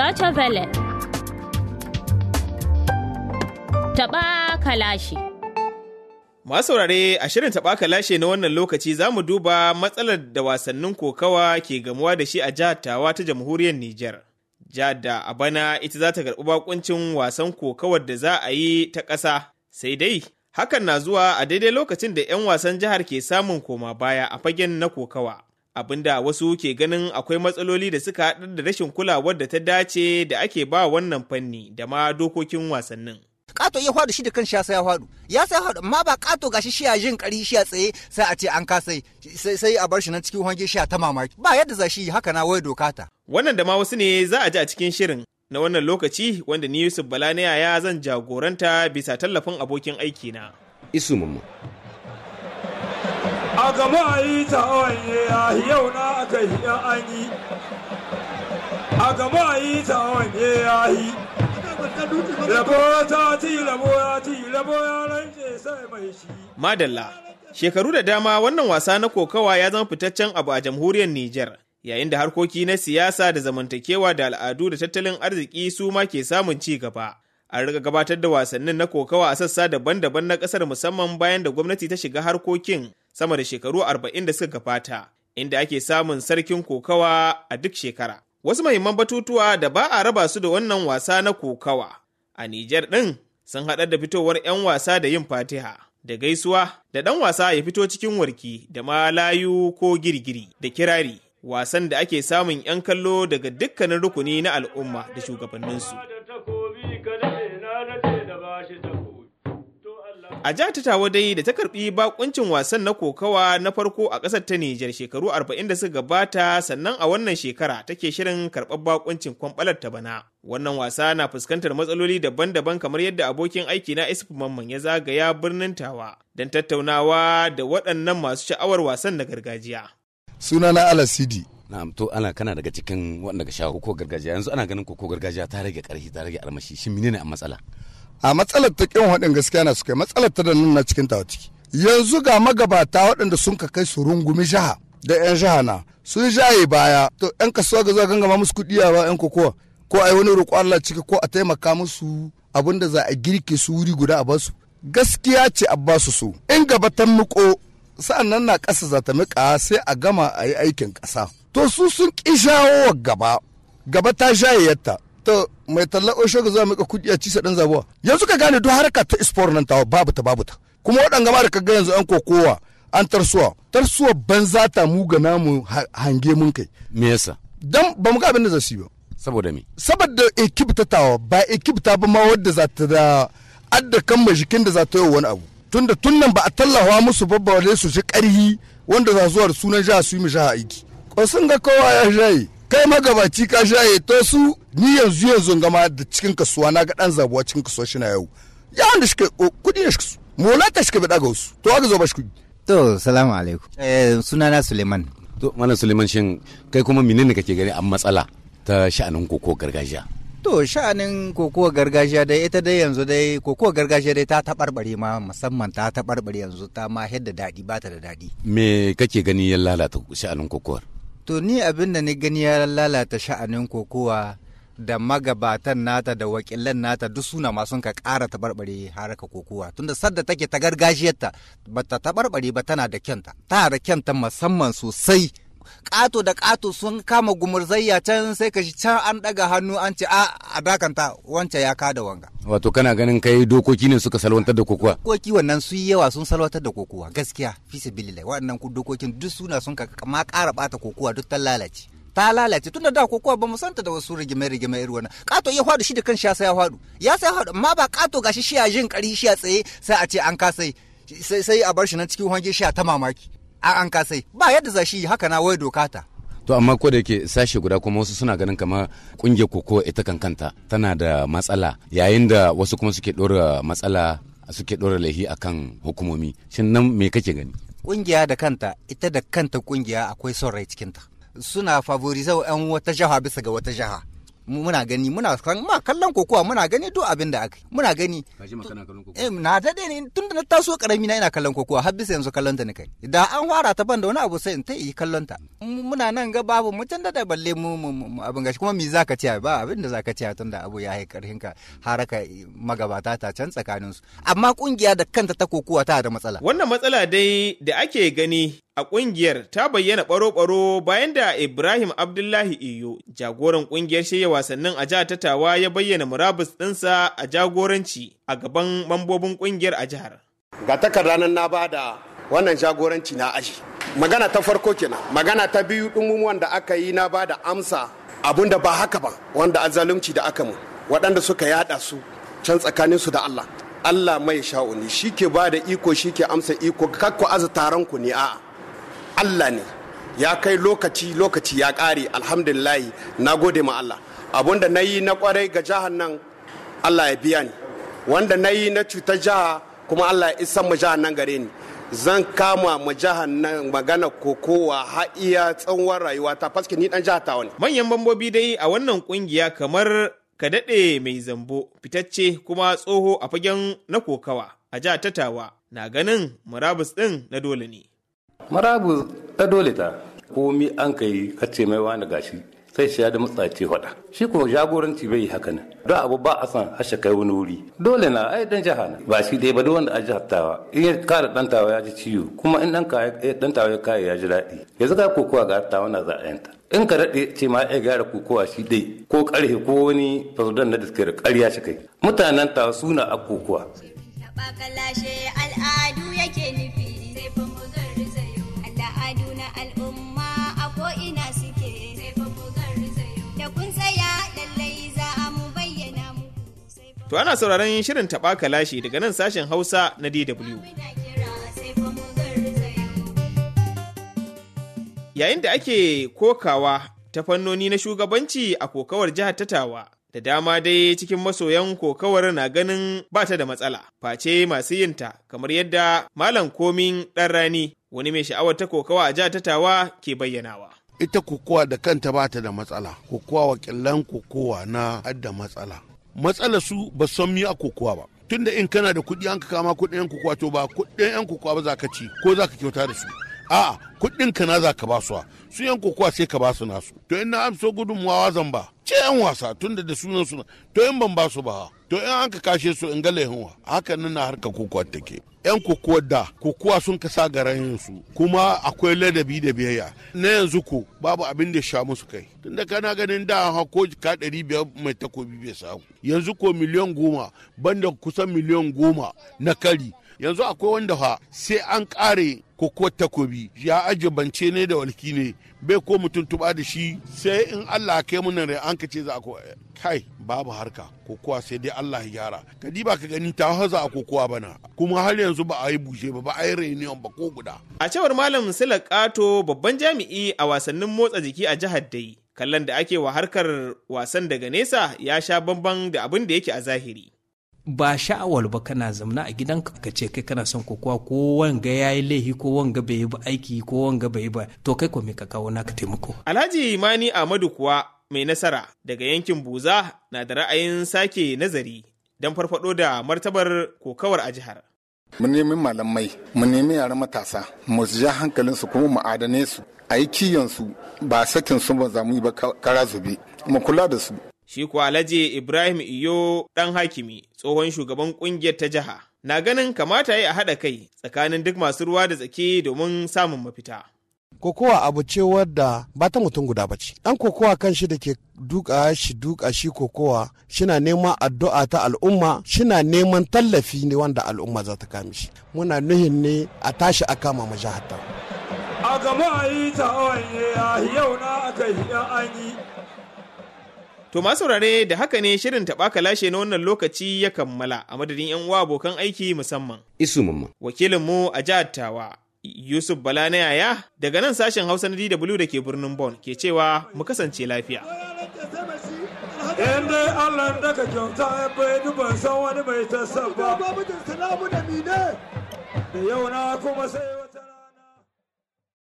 Deutsche Welle. Taɓa kalashi. Masu saurare a shirin taɓa kalashe na wannan lokaci za mu duba matsalar da wasannin kokawa ke gamuwa da shi a jihar Tawa ta jamhuriyar Nijar. Jihar da a bana ita za ta karɓi bakuncin wasan kokawar da za a yi ta ƙasa. Sai dai, hakan na zuwa a daidai lokacin da 'yan wasan jihar ke samun koma baya a fagen na kokawa. abinda wasu ke ganin akwai matsaloli da suka haɗar da rashin kulawar da ta dace da ake ba wannan fanni da ma dokokin wasannin. kato ya faɗu shi da kan ya ya faɗu ya sai faɗu amma ba kato gashi shi ya jin ƙari shi ya tsaye sai a ce an ka sai sai a bar shi nan cikin hange shi ta mamaki ba yadda za shi haka na wai doka ta wannan da ma wasu ne za a ji a cikin shirin na wannan lokaci wanda ni Yusuf Bala na yaya zan jagoranta bisa tallafin abokin aiki na isu a gama a yi ta yau na aka yi an yi a gama a yi ta yi rabo ya ti rabo ya rance sai mai shi madalla shekaru da dama wannan wasa na kokawa ya zama fitaccen abu a jamhuriyar Nijar yayin da harkoki na siyasa da zamantakewa da al'adu da tattalin arziki su ma ke samun ci gaba an riga gabatar da wasannin na kokawa a sassa daban-daban na ƙasar musamman bayan da gwamnati ta shiga harkokin sama da shekaru arba'in da suka gabata inda ake samun sarkin kokawa a duk shekara. Wasu mahimman batutuwa da ba a raba su da wannan wasa na kokawa a Nijar ɗin sun haɗar da fitowar 'yan wasa da yin fatiha. da gaisuwa da ɗan wasa ya fito cikin warki da ma layu ko girgiri da kirari wasan da ake samun 'yan kallo daga dukkanin rukuni na al'umma da shugabanninsu. A jihar ta tawa dai da ta karbi bakuncin wasan na kokawa na farko a kasar ta Nijar shekaru arba'in da suka gabata sannan a wannan shekara take shirin karɓar bakuncin kwamɓalar ta bana. Wannan wasa na fuskantar matsaloli daban-daban kamar yadda abokin aiki na Isuf Mamman ya zagaya birnin Tawa don tattaunawa da waɗannan masu sha'awar wasan na gargajiya. na Alasidi na'am to ana kana daga cikin waɗanda ga ko gargajiya yanzu ana ganin ko gargajiya ta rage ƙarfi ta rage armashi shin menene a matsala a matsalar ta kin waɗin gaskiya na suka matsalar ta da nan na cikin tawa ciki yanzu ga magabata waɗanda sun ka kai su rungumi jiha da yan jiha na sun jaye baya to yan kasuwa ga zuwa gangama musu kuɗi a ba yan kokowa ko ai wani roƙo Allah ciki ko a taimaka musu abin za a girke su wuri guda a basu gaskiya ce a basu su in gaba ta muko sa'an nan na ƙasa za ta miƙa sai a gama a yi aikin ƙasa to su sun ƙi gaba gaba ta shayayyatta to mai talla oshoga za mu ka kudi a sa dan zabuwa yanzu ka gane duk harka ta sport nan tawa babu ta babu ta kuma waɗanga ma da ka ga yanzu an kokowa an tarsuwa tarsuwa banza ta mu ga namu hange mun kai me yasa dan ba mu ga abin da za su yi ba saboda me saboda ekip ta tawa ba ekip ta ba ma wadda za ta da adda kan majikin da za ta yi wani abu tunda tun nan ba a tallafa musu babba wale su ji karhi wanda za zuwa da sunan jiha su yi mu jiha aiki ko sun ga kowa ya shayi kai magabaci ka shaye to su ni yanzu yanzu gama da cikin kasuwa na ga dan zabuwa cikin kasuwa shi na yau ya da shi kudi ne shi mola ta shi ka bada ga wasu to aka zo ba shi kudi to salamu alaikum suna eh, sunana suleiman to malam suleiman shin kai kuma menene kake gani a matsala ta sha'anin koko gargajiya To sha'anin kokowa gargajiya dai ita dai yanzu dai kokowa gargajiya dai ta taɓarɓare ma musamman ta taɓarɓare yanzu ta ma da daɗi ba ta da daɗi. Me kake gani ya lalata sha'anin kokowar? To ni abin da ni gani ya lalata sha'anin kokowa da magabatan nata da wakilan nata duk suna ma sun ka kara taɓarɓare haraka kokowa tunda sadda take ta gargajiyarta ba ta taɓarɓare ba tana da kyanta ta da kyanta musamman sosai ƙato da ƙato sun kama gumurzayya can sai ka shi can an ɗaga hannu an ce a dakanta wance ya kada wanga. Wato kana ganin kai dokoki ne suka salwantar da kokowa? Dokoki wannan su yi yawa sun salwantar da kokowa gaskiya fi sabilillah waɗannan dokokin duk suna sun ma ƙara ɓata kokowa duk ta lalace. ta lalace tunda da kokowa ba mu santa da wasu rigime-rigime irin wannan kato ya fadu shi da kanshi ya sai ya ya sai ya hadu amma ba kato gashi shi ya jin kari shi ya tsaye sai a ce an kasai sai sai a bar shi nan cikin hange shi ta mamaki an an kasai ba yadda za shi haka na wai doka ta to amma ko da yake sashe guda kuma wasu suna ganin kamar kungiyar koko ita kan kanta tana da matsala yayin da wasu kuma suke dora matsala suke dora lahi akan hukumomi shin nan me kake gani kungiya da kanta ita da kanta kungiya akwai son rai cikinta suna favoriza yan wata jaha bisa ga wata jaha muna gani muna ma kallon kokowa muna gani duk abin da aka muna gani eh na dade ne tun da na taso karami na ina kallon kokowa har bisa yanzu kallon ta ni kai da an fara ta ban da wani abu sai in ta yi kallon ta muna nan ga babu mutum da balle mu abin gashi kuma mi zaka ce ba abin da zaka tun tunda abu ya yi karhin ka haraka magabata ta can tsakanin su amma kungiya da kanta ta kokowa ta da matsala wannan matsala dai da ake gani a ƙungiyar ta bayyana ɓaro-ɓaro bayan da Ibrahim Abdullahi Iyo, jagoran ƙungiyar shirya wasannin a jihar Tattawa ya bayyana murabus ɗinsa a jagoranci a gaban mambobin ƙungiyar a jihar. Ga takardar na ba da wannan jagoranci na aji. Magana ta farko kenan, magana ta biyu ɗin wanda aka yi na ba da amsa abun da ba haka ba wanda azalumci da aka mu waɗanda suka yaɗa su can tsakaninsu da Allah. Allah mai sha'uni shi ke ba da iko shi ke amsa iko kakku aza taron ku ne a'a Allah ne ya kai lokaci lokaci ya kare alhamdulillahi na gode ma Allah abinda na yi na kwarai ga jihar nan Allah ya biya ni wanda na yi na cutar jiha kuma Allah ya isa mu jihar nan gare ni zan kama mu jihar nan magana kokowa ha iya tsawon rayuwa ta faske ni dan jihar tawani manyan bambobi dai a wannan kungiya kamar kadaɗe mai zambo fitacce kuma tsoho a fagen na kokawa a jihar tatawa na ganin murabus ɗin na dole ne marabu ta dole ta komi an kai kace mai wani gashi sai shi ya da matsace faɗa shi kuma jagoranci bai haka ne don abu ba a san hashe kai wani wuri dole na ai dan jaha na ba shi dai ba duk wanda a jihar tawa in ya kare dan tawa ya ji ciwo kuma in dan dan eh, tawa ya kai ya ji daɗi yanzu ka kokowa ga tawa na za a yanta in ka daɗe ce ma ya gyara kokowa shi dai ko karhe ko wani fasudan na da suke da ƙarya shi kai mutanen tawa suna a kokowa. To ana sauraron shirin taɓa lashe daga nan sashen Hausa na DW. Yayin da ake kokawa ta fannoni na shugabanci a kokawar jihar Tattawa, da dama dai cikin masoyan kokawar na ganin ba ta da matsala, face masu yin ta, kamar yadda Malam Komin ɗan rani wani mai sha'awar ta kokawa a jihar Tattawa ke bayyanawa. Ita kokowa da kanta ba ta da matsala, kokowa wakilan kokowa na adda matsala. matsalar su ba san a kokowa ba tunda in kana da kuɗi an ka kama kuɗin yan kokowa to ba kuɗin yan kokowa ba za ka ci ko za ka kyauta da su a kuɗin ka na za ka ba su su yan kokowa sai ka ba su nasu to in na amso gudunmawa zan ba ce yan wasa tunda da sunan suna to in ban ba su ba to in an ka kashe su in ga laihinwa haka nan na harka kokowa take yan kokowa da kokowa sun kasa garan su kuma akwai ladabi da biyayya na yanzu ko babu abin da sha musu kai tunda kana ganin da ha ko ka ɗari biyar mai takobi bai samu yanzu ko miliyan goma banda kusan miliyan goma na kari yanzu akwai wanda fa sai an ƙare ko ko takobi ya aje bance ne da walki ne bai ko mutum tuba da shi sai in Allah kai mun rai an kace za ko kai babu harka kokowa sai dai Allah ya gyara di ba ka gani ta haza a kokowa bana kuma har yanzu ba a yi bushe ba ba a yi reunion ba ko guda a cewar malam Sila Kato babban jami'i a wasannin motsa jiki a jihar Dai kallon da ake wa harkar wasan daga nesa ya sha bamban da abin da yake a zahiri ba sha'awar ba kana zamna a gidan ka ce kai kana son kokowa ko wanga ya yi laihi ko wanga bai yi ba aiki ko wanga bai yi ba to kai ko me ka kawo naka taimako. Alhaji Imani Ahmadu kuwa mai nasara daga yankin Buza na da ra'ayin sake nazari don farfado da martabar kokawar a jihar. Mu nemi malamai, mu nemi yaran matasa, mu ja hankalinsu kuma mu adane su, a yi kiyon su ba sakin su ba za mu yi ba kara zube, mu kula da su. Shi kuwa Alhaji Ibrahim Iyo ɗan hakimi tsohon shugaban ƙungiyar ta jiha. Na ganin kamata ya haɗa kai tsakanin duk masu ruwa da tsaki domin samun mafita. kokowa abu ce wadda ba ta mutum guda ba ce dan kokowa kan shi da ke duka shi duka shi kokowa shina neman addu'a ta al'umma shina neman tallafi ne wanda al'umma za ta kame shi muna nuhin ne a tashi a kama ma jihar a gama a yi ta yau na aka yi an yi To masu saurare da haka ne shirin taɓa lashe na wannan lokaci ya kammala a madadin 'yan uwa abokan aiki musamman. Isu mamma. Wakilinmu a jihar Tawa. Yusuf Bala na yaya daga nan sashen Hausa na DW da ke birnin Bon ke cewa mu kasance lafiya. Yan Allah daga kyauta ya bai duban san wani mai na kuma sai